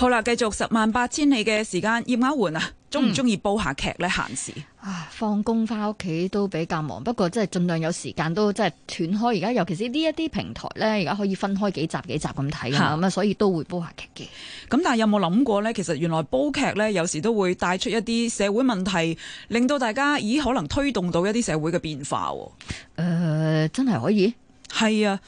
好啦，繼續十萬八千里嘅時間，葉雅媛啊，中唔中意煲下劇呢？閒時、嗯、啊，放工翻屋企都比較忙，不過即係盡量有時間都即係斷開。而家尤其是呢一啲平台呢，而家可以分開幾集幾集咁睇，咁啊的，所以都會煲下劇嘅。咁但係有冇諗過呢？其實原來煲劇呢，有時都會帶出一啲社會問題，令到大家咦，可能推動到一啲社會嘅變化。誒、呃，真係可以，係啊。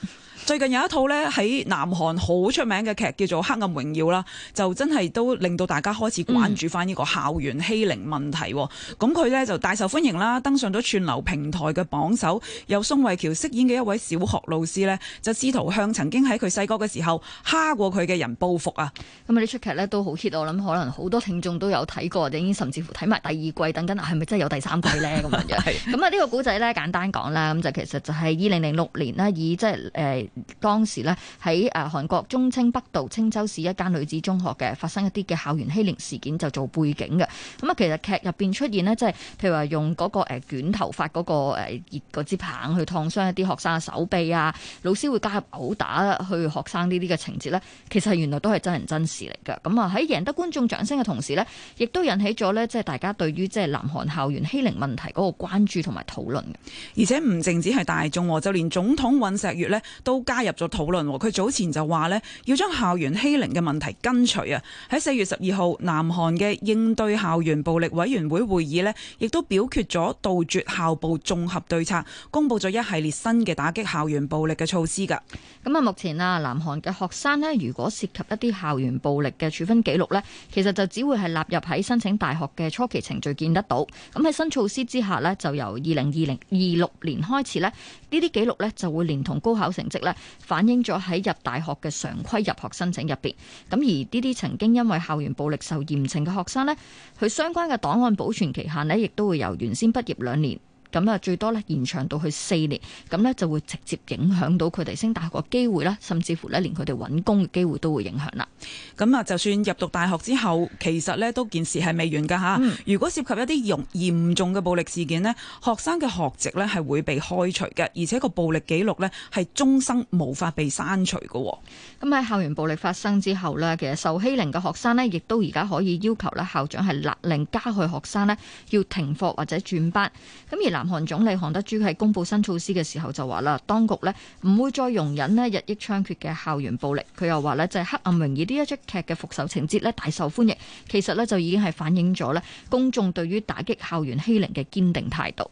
最近有一套咧喺南韓好出名嘅劇叫做《黑暗榮耀》啦，就真係都令到大家開始關注翻呢個校園欺凌問題。咁佢咧就大受歡迎啦，登上咗串流平台嘅榜首。由宋慧喬飾演嘅一位小學老師呢，就試圖向曾經喺佢細個嘅時候蝦過佢嘅人報復啊。咁啊、嗯，呢出劇呢都好 hit，我諗可能好多聽眾都有睇過，或者甚至乎睇埋第二季，等緊係咪真係有第三季呢？咁樣 是。係、嗯。咁啊，呢個古仔呢，簡單講啦，咁就其實就係二零零六年啦，以即係誒。當時呢，喺誒韓國忠清北道清州市一間女子中學嘅發生一啲嘅校園欺凌事件就做背景嘅。咁啊，其實劇入邊出現呢，即係譬如話用嗰個捲捲頭髮嗰、嗰個熱嗰支棒去燙傷一啲學生嘅手臂啊，老師會加入毆打去學生呢啲嘅情節呢，其實原來都係真人真事嚟嘅。咁啊喺贏得觀眾掌聲嘅同時呢，亦都引起咗呢，即係大家對於即係南韓校園欺凌問題嗰個關注同埋討論嘅。而且唔淨止係大眾，就連總統尹錫悅呢，都加入咗討論，佢早前就話咧要將校園欺凌嘅問題根除啊！喺四月十二號，南韓嘅應對校園暴力委員會會議咧，亦都表決咗杜絕校暴綜合對策，公布咗一系列新嘅打擊校園暴力嘅措施㗎。咁啊，目前啊，南韓嘅學生咧，如果涉及一啲校園暴力嘅處分記錄咧，其實就只會係納入喺申請大學嘅初期程序見得到。咁喺新措施之下咧，就由二零二零二六年開始咧，呢啲記錄咧就會連同高考成績咧。反映咗喺入大學嘅常規入學申請入邊，咁而呢啲曾經因為校園暴力受嚴懲嘅學生呢，佢相關嘅檔案保存期限呢，亦都會由原先畢業兩年。咁啊，最多咧，延長到去四年，咁咧就會直接影響到佢哋升大學嘅機會啦，甚至乎咧連佢哋揾工嘅機會都會影響啦。咁啊、嗯，就算入讀大學之後，其實咧都件事係未完噶吓。如果涉及一啲嚴嚴重嘅暴力事件咧，學生嘅學籍咧係會被開除嘅，而且個暴力記錄咧係終生無法被刪除嘅。咁喺、嗯、校園暴力發生之後咧，其實受欺凌嘅學生咧，亦都而家可以要求咧校長係勒令加害學生咧要停課或者轉班。咁而南韓總理韓德珠喺公布新措施嘅時候就話啦，當局呢唔會再容忍呢日益猖獗嘅校園暴力。佢又話呢，就係《黑暗榮耀》呢一出劇嘅復仇情節呢大受歡迎。其實呢，就已經係反映咗呢公眾對於打擊校園欺凌嘅堅定態度。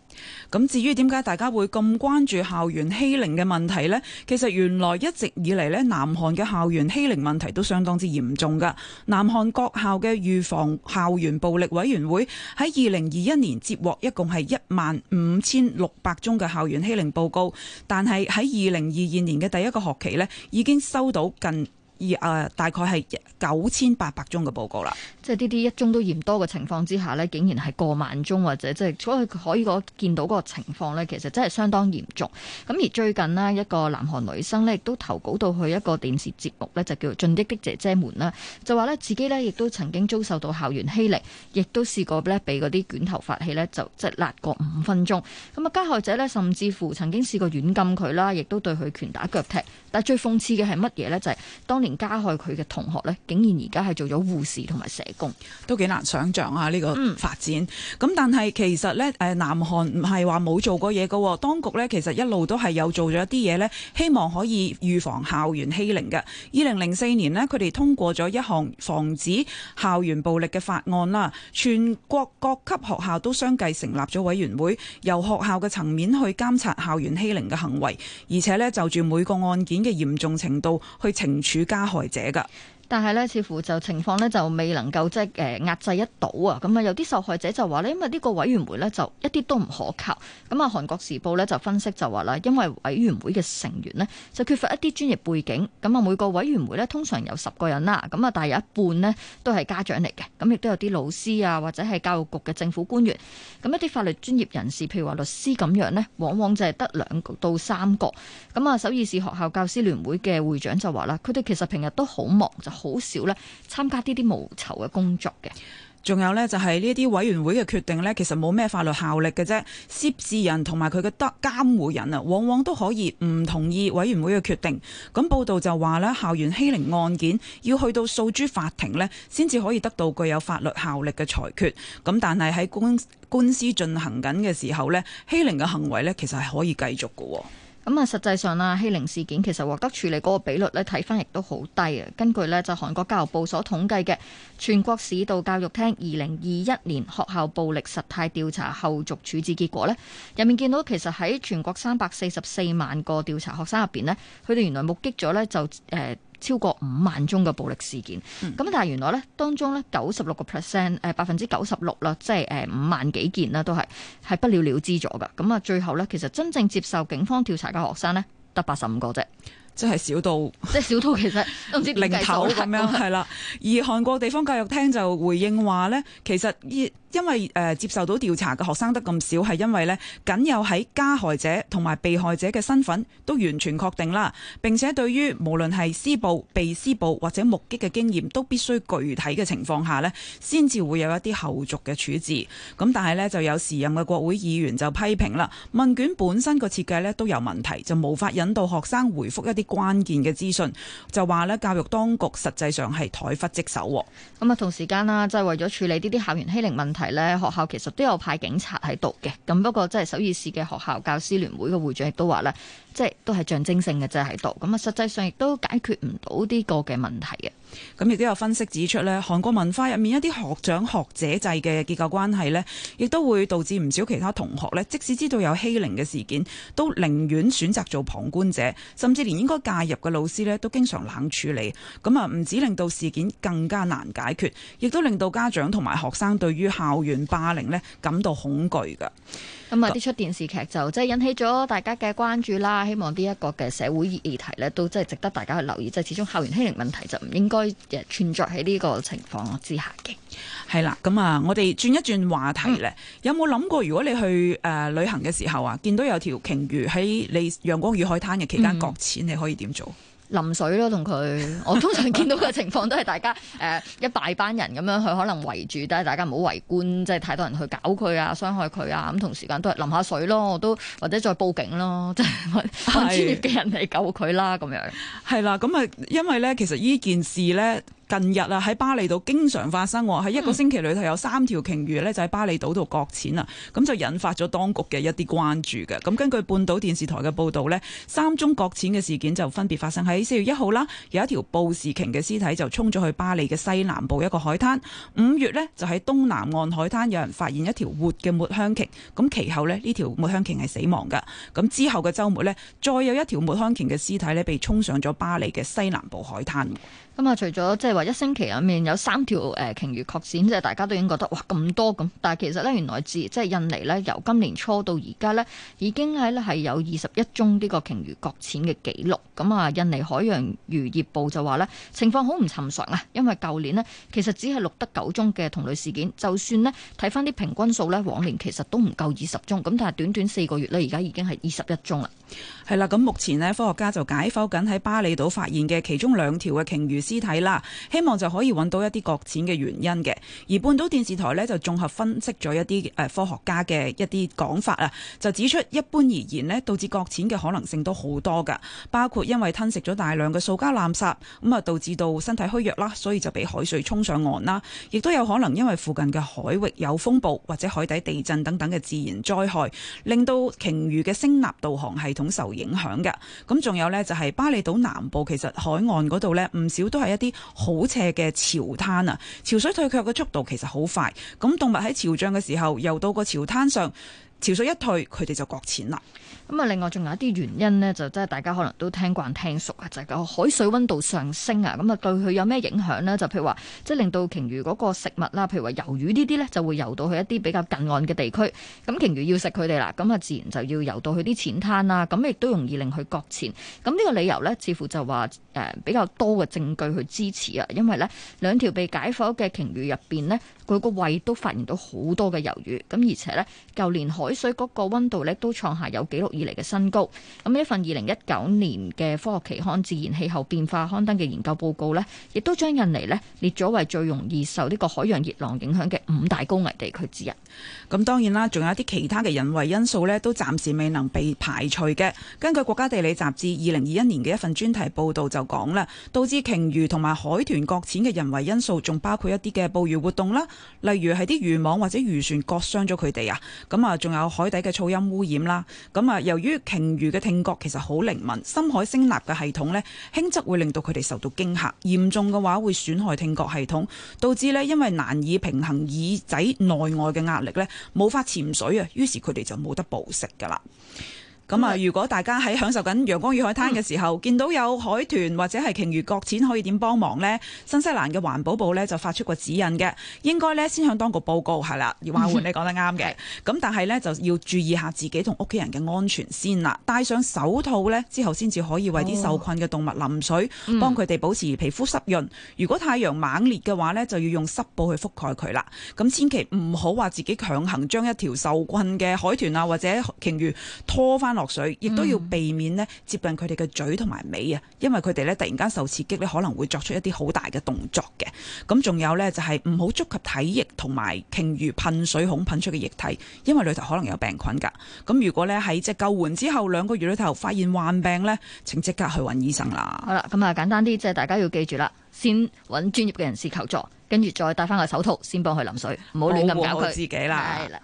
咁至於點解大家會咁關注校園欺凌嘅問題呢？其實原來一直以嚟呢，南韓嘅校園欺凌問題都相當之嚴重噶。南韓各校嘅預防校園暴力委員會喺二零二一年接獲一共係一萬五千六百宗嘅校園欺凌報告，但係喺二零二二年嘅第一個學期呢，已經收到近。而大概係九千八百宗嘅報告啦，即係呢啲一宗都嫌多嘅情況之下呢，竟然係過萬宗，或者即係所以佢可以見到個情況呢，其實真係相當嚴重。咁而最近呢，一個南韓女生呢，亦都投稿到去一個電視節目呢，就叫做《進擊的姐姐們》啦，就話呢，自己呢亦都曾經遭受到校園欺凌，亦都試過咧被嗰啲捲頭髮器呢，就即係勒過五分鐘。咁啊，加害者呢，甚至乎曾經試過軟禁佢啦，亦都對佢拳打腳踢。但最諷刺嘅係乜嘢呢？就係、是、當年。加害佢嘅同學咧，竟然而家係做咗護士同埋社工，都幾難想象啊！呢、這個發展咁，嗯、但係其實呢，誒南韓唔係話冇做過嘢嘅、哦，當局呢其實一路都係有做咗一啲嘢呢，希望可以預防校園欺凌嘅。二零零四年呢，佢哋通過咗一項防止校園暴力嘅法案啦。全國各級學校都相繼成立咗委員會，由學校嘅層面去監察校園欺凌嘅行為，而且呢就住每個案件嘅嚴重程度去懲處。加。加害者嘎。但係咧，似乎就情況咧就未能夠即係誒壓制一到啊！咁啊，有啲受害者就話咧，因為呢個委員會咧就一啲都唔可靠。咁啊，《韓國時報》咧就分析就話啦，因為委員會嘅成員呢，就缺乏一啲專業背景。咁啊，每個委員會咧通常有十個人啦。咁啊，但係有一半呢，都係家長嚟嘅。咁亦都有啲老師啊，或者係教育局嘅政府官員。咁一啲法律專業人士，譬如話律師咁樣呢，往往就係得兩到三個。咁啊，首爾市學校教師聯會嘅會長就話啦，佢哋其實平日都好忙就。好少咧參加呢啲無酬嘅工作嘅。仲有呢，就係呢啲委員會嘅決定呢，其實冇咩法律效力嘅啫。涉事人同埋佢嘅監護人啊，往往都可以唔同意委員會嘅決定。咁報道就話呢，校園欺凌案件要去到訴諸法庭呢，先至可以得到具有法律效力嘅裁決。咁但係喺官官司進行緊嘅時候呢，欺凌嘅行為呢，其實係可以繼續嘅。咁啊，實際上啊，欺凌事件其實獲得處理嗰個比率呢，睇返亦都好低啊。根據呢，就韓國教育部所統計嘅全國市道教育廳二零二一年學校暴力實態調查後續處置結果呢，入面見到其實喺全國三百四十四萬個調查學生入邊呢，佢哋原來目擊咗呢就誒，呃超過五萬宗嘅暴力事件，咁、嗯、但係原來咧當中咧九十六個 percent，誒百分之九十六啦，即係誒五萬幾件啦，都係係不了了之咗嘅。咁啊，最後咧其實真正接受警方調查嘅學生咧，得八十五個啫。即係 少到，即係少到，其實都唔知零頭咁樣，係啦。 而韓國地方教育廳就回應話呢其實因為誒、呃、接受到調查嘅學生得咁少，係因為呢，僅有喺加害者同埋被害者嘅身份都完全確定啦。並且對於無論係施暴、被施暴或者目擊嘅經驗，都必須具體嘅情況下呢先至會有一啲後續嘅處置。咁但係呢，就有時任嘅國會議員就批評啦，問卷本身個設計呢都有問題，就無法引導學生回覆一啲。啲關鍵嘅資訊就話咧，教育當局實際上係怠忽職守。咁啊，同時間啦，即係為咗處理呢啲校園欺凌問題咧，學校其實都有派警察喺度嘅。咁不過，即係首爾市嘅學校教師聯會嘅會長亦都話咧，即係都係象徵性嘅就係喺度。咁啊，實際上亦都解決唔到呢個嘅問題嘅。咁亦都有分析指出呢，韓國文化入面一啲學長、學者制嘅結構關係呢，亦都會導致唔少其他同學呢，即使知道有欺凌嘅事件，都寧願選擇做旁觀者，甚至連應該介入嘅老師呢，都經常冷處理。咁啊，唔止令到事件更加難解決，亦都令到家長同埋學生對於校園霸凌呢，感到恐懼㗎。咁啊，呢出電視劇就真係、就是、引起咗大家嘅關注啦。希望呢一個嘅社會議題呢，都真係值得大家去留意。即、就、係、是、始終校園欺凌問題就唔應該，存在喺呢個情況之下嘅，係啦，咁 啊，我哋轉一轉話題咧，有冇諗過如果你去誒旅行嘅時候啊，見到有條鯨魚喺你陽光與海灘嘅期間擱淺，你可以點做？嗯淋水咯，同佢。我通常見到嘅情況都係大家誒、呃、一大班人咁樣去，可能圍住，但係大家唔好圍觀，即係太多人去搞佢啊、傷害佢啊咁。同時間都係淋下水咯，我都或者再報警咯，即係揾專業嘅人嚟救佢啦咁是樣。係啦，咁啊，因為咧，其實依件事咧。近日啊，喺巴厘島經常發生喎，喺、嗯、一個星期裏頭有三條鯨魚呢就喺巴厘島度擱淺啊，咁就引發咗當局嘅一啲關注嘅。咁根據半島電視台嘅報導呢，三宗擱淺嘅事件就分別發生喺四月一號啦，有一條布氏鯨嘅屍體就衝咗去巴厘嘅西南部一個海灘。五月呢就喺東南岸海灘有人發現一條活嘅抹香鯨，咁其後呢，呢條抹香鯨係死亡嘅。咁之後嘅週末呢，再有一條抹香鯨嘅屍體呢，被沖上咗巴厘嘅西南部海灘。咁啊、嗯，除咗即係話一星期入面有三條誒鯨魚擱淺，即係大家都已經覺得哇咁多咁。但係其實咧，原來自即係印尼咧，由今年初到而家咧，已經喺咧係有二十一宗呢個鯨魚擱淺嘅記錄，咁、嗯、啊、嗯，印尼海洋漁業部就話咧，情況好唔尋常啊，因為舊年咧其實只係錄得九宗嘅同類事件。就算咧睇翻啲平均數咧，往年其實都唔夠二十宗。咁但係短短四個月咧，而家已經係二十一宗啦。係啦，咁目前咧科學家就解剖緊喺巴厘島發現嘅其中兩條嘅鯨魚屍體啦，希望就可以揾到一啲擱淺嘅原因嘅。而半島電視台咧就綜合分析咗一啲誒科學家嘅一啲講法啊，就指出一般而言咧，導致擱淺嘅可能性都好多噶，包括因為吞食咗大量嘅塑膠垃圾，咁啊導致到身體虛弱啦，所以就俾海水沖上岸啦。亦都有可能因為附近嘅海域有風暴或者海底地震等等嘅自然災害，令到鯨魚嘅聲納導航系統受影響嘅。咁仲有咧就係巴厘島南部其實海岸嗰度咧唔少。都係一啲好斜嘅潮灘啊，潮水退卻嘅速度其實好快，咁動物喺潮漲嘅時候游到個潮灘上。潮水一退，佢哋就擱淺啦。咁啊，另外仲有一啲原因呢，就真係大家可能都聽慣聽熟啊，就係個海水溫度上升啊。咁啊，對佢有咩影響呢？就譬如話，即係令到鯨魚嗰個食物啦，譬如話魷魚呢啲呢，就會游到去一啲比較近岸嘅地區，咁鯨魚要食佢哋啦，咁啊，自然就要游到去啲淺灘啦。咁亦都容易令佢擱淺。咁呢個理由呢，似乎就話誒比較多嘅證據去支持啊。因為呢，兩條被解剖嘅鯨魚入邊呢，佢個胃都發現到好多嘅魷魚，咁而且呢，舊年海海水嗰個溫度咧都創下有紀錄以嚟嘅新高。咁一份二零一九年嘅科學期刊《自然氣候變化》刊登嘅研究報告呢，亦都將印尼咧列咗為最容易受呢個海洋熱浪影響嘅五大高危地區之一。咁、嗯、當然啦，仲有啲其他嘅人為因素呢，都暫時未能被排除嘅。根據《國家地理》雜誌二零二一年嘅一份專題報道就講啦，導致鯨魚同埋海豚擱淺嘅人為因素，仲包括一啲嘅捕魚活動啦，例如係啲漁網或者漁船割傷咗佢哋啊。咁啊，仲有。有海底嘅噪音污染啦，咁啊，由於鯨魚嘅聽覺其實好靈敏，深海聲納嘅系統咧，輕則會令到佢哋受到驚嚇，嚴重嘅話會損害聽覺系統，導致咧因為難以平衡耳仔內外嘅壓力咧，冇法潛水啊，於是佢哋就冇得捕食噶啦。咁啊！嗯、如果大家喺享受緊陽光與海灘嘅時候，嗯、見到有海豚或者係鯨魚擱淺，可以點幫忙呢？新西蘭嘅環保部呢就發出過指引嘅，應該呢先向當局報告係啦。華狐你講得啱嘅，咁、嗯嗯、但係呢，就要注意下自己同屋企人嘅安全先啦。戴上手套呢，之後，先至可以為啲受困嘅動物淋水，哦、幫佢哋保持皮膚濕潤。如果太陽猛烈嘅話呢，就要用濕布去覆蓋佢啦。咁千祈唔好話自己強行將一條受困嘅海豚啊或者鯨魚拖翻落水亦都要避免咧接近佢哋嘅嘴同埋尾啊，因為佢哋咧突然間受刺激咧可能會作出一啲好大嘅動作嘅。咁仲有呢，就係唔好觸及體液同埋鯨魚噴水孔噴出嘅液體，因為裏頭可能有病菌噶。咁如果呢，喺只救援之後兩個月裏頭發現患病呢，請即刻去揾醫生啦。好啦，咁啊簡單啲，即係大家要記住啦，先揾專業嘅人士求助，跟住再戴翻個手套先幫佢淋水，唔好亂咁搞佢。保護好自己啦。係啦。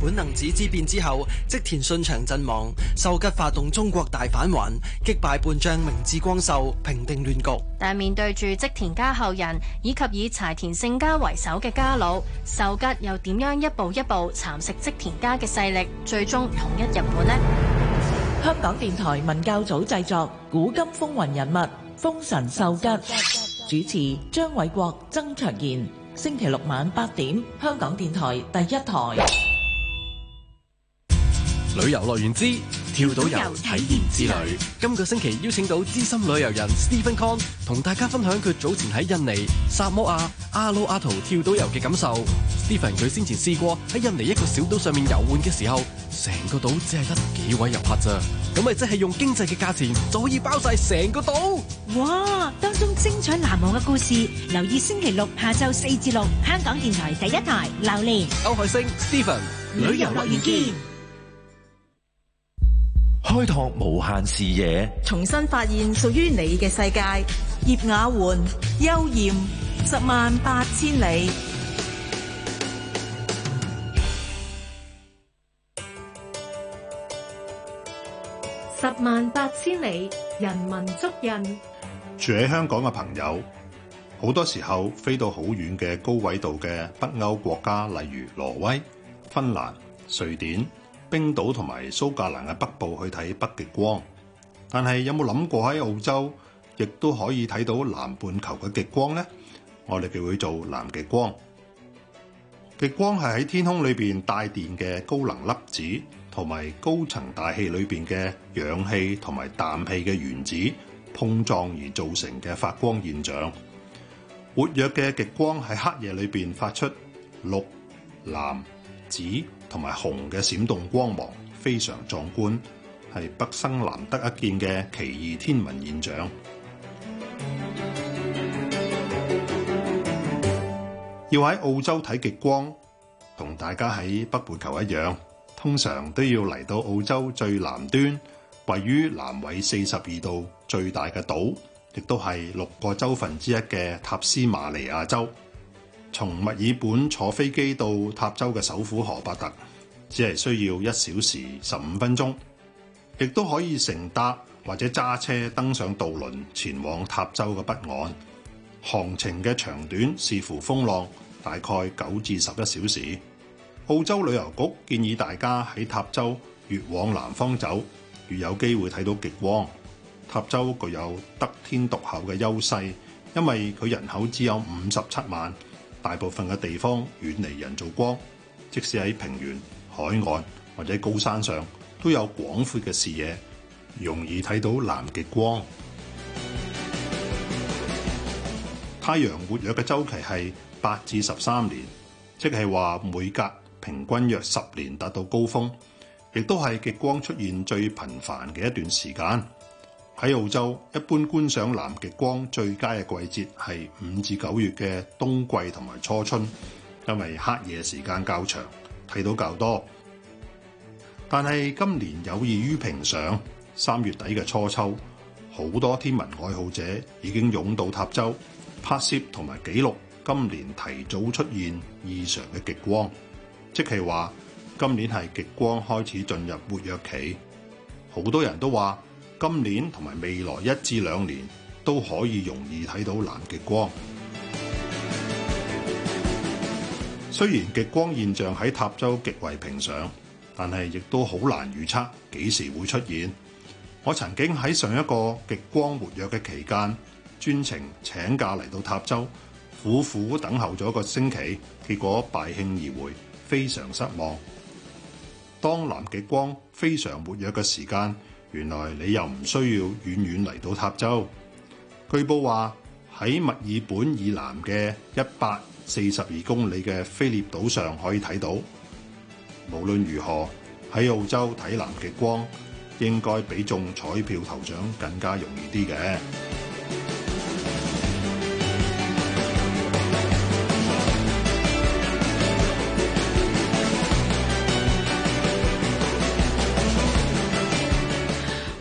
本能子之變之後，織田信長陣亡，秀吉發動中國大返還，擊敗叛將明智光秀，平定亂局。但面對住織田家後人以及以柴田勝家為首嘅家老，秀吉又點樣一步一步蠶食織田家嘅勢力，最終統一日本呢？香港電台文教組製作《古今風雲人物》，豐臣秀吉主持張偉國、曾卓賢。星期六晚八點，香港電台第一台。旅遊樂園之跳島遊體驗之旅，今個星期邀請到資深旅遊人 Stephen Kong 同大家分享佢早前喺印尼、薩摩亞、阿魯阿圖跳島遊嘅感受。Stephen 佢先前試過喺印尼一個小島上面遊玩嘅時候，成個島只係得幾位遊客咋，咁咪即係用經濟嘅價錢就可以包晒成個島。哇！當中精彩難忘嘅故事，留意星期六下晝四至六，香港電台第一台榴槤。歐海星，Stephen，旅遊樂園見。開拓無限視野，重新發現屬於你嘅世界。葉雅媛、邱豔，十萬八千里，十萬八千里，人文足印。住喺香港嘅朋友，好多時候飛到好遠嘅高緯度嘅北歐國家，例如挪威、芬蘭、瑞典。冰島同埋蘇格蘭嘅北部去睇北極光，但係有冇諗過喺澳洲亦都可以睇到南半球嘅極光呢？我哋叫佢做南極光。極光係喺天空裏邊帶電嘅高能粒子同埋高層大氣裏邊嘅氧氣同埋氮氣嘅原子碰撞而造成嘅發光現象。活躍嘅極光喺黑夜裏邊發出綠、藍、紫、同埋紅嘅閃動光芒非常壯觀，係北生難得一見嘅奇異天文現象。要喺澳洲睇極光，同大家喺北半球一樣，通常都要嚟到澳洲最南端，位於南緯四十二度最大嘅島，亦都係六個州份之一嘅塔斯馬尼亞州。從墨爾本坐飛機到塔州嘅首府荷伯特，只係需要一小時十五分鐘。亦都可以乘搭或者揸車登上渡輪前往塔州嘅北岸。航程嘅長短視乎風浪，大概九至十一小時。澳洲旅遊局建議大家喺塔州越往南方走，越有機會睇到極光。塔州具有得天獨厚嘅優勢，因為佢人口只有五十七萬。大部分嘅地方遠離人造光，即使喺平原、海岸或者高山上，都有廣闊嘅視野，容易睇到南極光。太陽活躍嘅周期係八至十三年，即係話每隔平均約十年達到高峰，亦都係極光出現最頻繁嘅一段時間。喺澳洲，一般觀賞南極光最佳嘅季節係五至九月嘅冬季同埋初春，因為黑夜時間較長，睇到較多。但係今年有異於平常三月底嘅初秋，好多天文愛好者已經湧到塔州拍攝同埋記錄今年提早出現異常嘅極光，即係話今年係極光開始進入活躍期，好多人都話。今年同埋未來一至兩年都可以容易睇到南極光。雖然極光現象喺塔州極為平常，但係亦都好難預測幾時會出現。我曾經喺上一個極光活躍嘅期間，專程請假嚟到塔州，苦苦等候咗一個星期，結果敗興而回，非常失望。當南極光非常活躍嘅時間，原來你又唔需要遠遠嚟到塔州。據報話喺墨爾本以南嘅一百四十二公里嘅菲利普島上可以睇到。無論如何，喺澳洲睇南極光應該比中彩票頭獎更加容易啲嘅。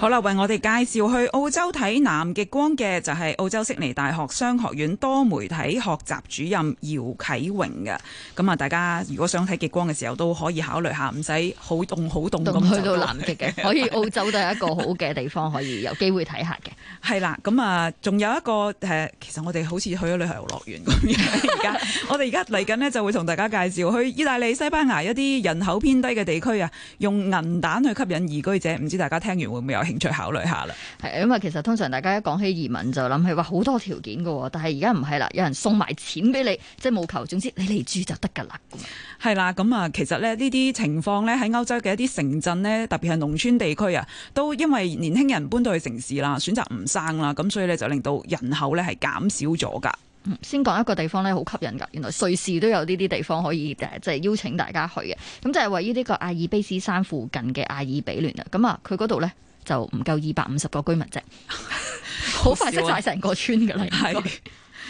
好啦，為我哋介紹去澳洲睇南極光嘅就係澳洲悉尼大學商學院多媒體學習主任姚啟榮嘅。咁啊，大家如果想睇極光嘅時候都可以考慮下，唔使好凍好凍咁去到南極嘅， 可以澳洲都係一個好嘅地方， 可以有機會睇下嘅。係啦，咁啊，仲有一個誒，其實我哋好似去咗旅遊樂園咁樣。而家 我哋而家嚟緊呢就會同大家介紹去意大利、西班牙一啲人口偏低嘅地區啊，用銀彈去吸引移居者。唔知大家聽完會唔會有？興趣考慮下啦，係咁啊。其實通常大家一講起移民就諗起話好多條件噶，但係而家唔係啦，有人送埋錢俾你，即係冇求，總之你嚟住就得噶啦。係啦，咁啊，其實咧呢啲情況咧喺歐洲嘅一啲城鎮咧，特別係農村地區啊，都因為年輕人搬到去城市啦，選擇唔生啦，咁所以咧就令到人口咧係減少咗噶。先講一個地方咧，好吸引噶，原來瑞士都有呢啲地方可以誒，即係邀請大家去嘅。咁就係位於呢個阿爾卑斯山附近嘅阿爾比聯啊。咁啊，佢嗰度咧。就唔夠二百五十個居民啫， 好快就晒成個村噶啦。係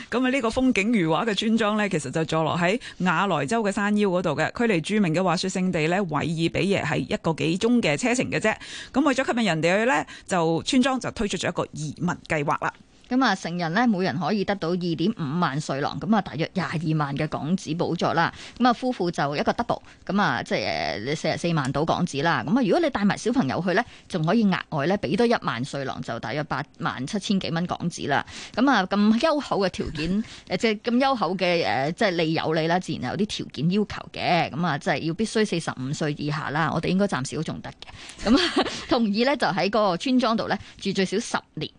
咁啊！呢個風景如畫嘅村莊呢，其實就坐落喺亞來州嘅山腰嗰度嘅，距離著名嘅滑雪勝地呢，韋爾比耶係一個幾鐘嘅車程嘅啫。咁為咗吸引人哋去呢，就村莊就推出咗一個移民計劃啦。咁啊，成人咧，每人可以得到二點五萬瑞郎，咁啊，大約廿二萬嘅港紙補助啦。咁啊，夫婦就一個 double，咁啊，即係你四十四萬到港紙啦。咁啊，如果你帶埋小朋友去咧，仲可以額外咧俾多一萬瑞郎，就大約八萬七千幾蚊港紙啦。咁啊，咁優厚嘅條件，誒，即係咁優厚嘅誒，即係利有理啦，自然有啲條件要求嘅。咁啊，即係要必須四十五歲以下啦。我哋應該暫時都仲得嘅。咁啊，同意咧，就喺嗰個村莊度咧住最少十年。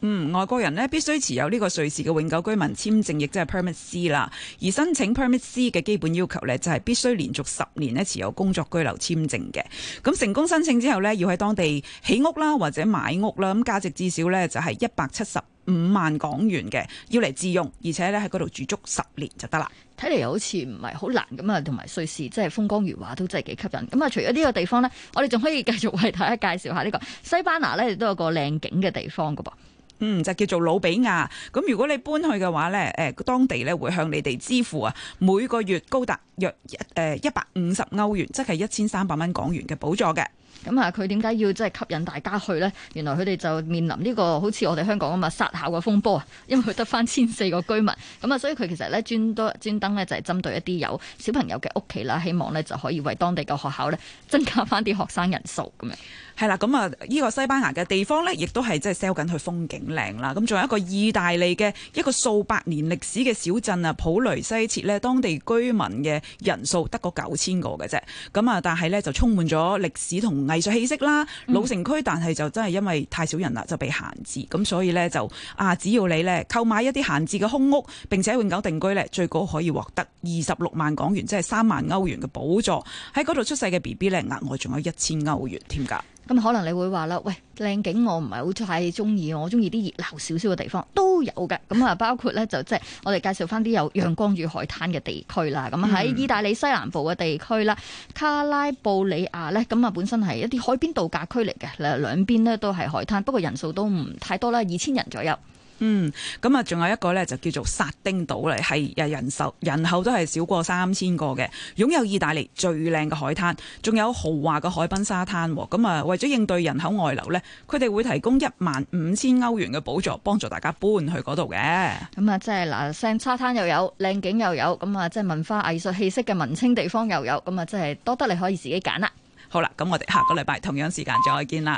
嗯，外國人呢必須持有呢個瑞士嘅永久居民簽證，亦即係 Permit C 啦。而申請 Permit C 嘅基本要求呢，就係、是、必須連續十年呢持有工作居留簽證嘅。咁成功申請之後呢，要喺當地起屋啦，或者買屋啦，咁價值至少呢，就係一百七十五萬港元嘅，要嚟自用，而且呢，喺嗰度住足十年就得啦。睇嚟好似唔係好難咁啊，同埋瑞士真係風光如畫，都真係幾吸引。咁啊，除咗呢個地方呢，我哋仲可以繼續為大家介紹下呢、這個西班牙呢，亦都有個靚景嘅地方噶噃。嗯，就叫做努比亞。咁如果你搬去嘅話咧，誒，當地咧會向你哋支付啊，每個月高達約一誒一百五十歐元，即係一千三百蚊港元嘅補助嘅。咁啊，佢點解要即係吸引大家去呢？原來佢哋就面臨呢個好似我哋香港咁啊殺校嘅風波啊，因為佢得翻千四個居民，咁啊，所以佢其實呢專多專登呢，就係針對一啲有小朋友嘅屋企啦，希望呢就可以為當地個學校呢增加翻啲學生人數咁樣。係啦，咁啊，呢個西班牙嘅地方呢，亦都係即係 sell 緊佢風景靚啦。咁仲有一個意大利嘅一個數百年歷史嘅小鎮啊，普雷西切呢，當地居民嘅人數得個九千個嘅啫。咁啊，但係呢，就充滿咗歷史同藝術氣息啦，老城區，但係就真係因為太少人啦，就被閒置咁，所以呢，就啊，只要你咧購買一啲閒置嘅空屋，並且永久定居呢，最高可以獲得二十六萬港元，即係三萬歐元嘅補助。喺嗰度出世嘅 B B 呢，額外仲有一千歐元添㗎。咁可能你會話啦，喂，靚景我唔係好太中意，我中意啲熱鬧少少嘅地方都有嘅。咁啊，包括呢，就即、是、係我哋介紹翻啲有陽光與海灘嘅地區啦。咁喺、嗯、意大利西南部嘅地區啦，卡拉布里亞呢，咁啊，本身係一啲海邊度假區嚟嘅，兩邊呢都係海灘，不過人數都唔太多啦，二千人左右。嗯，咁啊，仲有一個咧就叫做撒丁島嚟係，誒，人手人口都係少過三千個嘅，擁有意大利最靚嘅海灘，仲有豪華嘅海濱沙灘。咁、嗯、啊，為咗應對人口外流呢，佢哋會提供一萬五千歐元嘅補助，幫助大家搬去嗰度嘅。咁啊、嗯，即係嗱，沙沙灘又有，靚景又有，咁、嗯、啊，即、就、係、是、文化藝術氣息嘅文青地方又有，咁、嗯、啊、即、就、係、是、多得你可以自己揀啦。好啦，咁我哋下個禮拜同樣時間再見啦。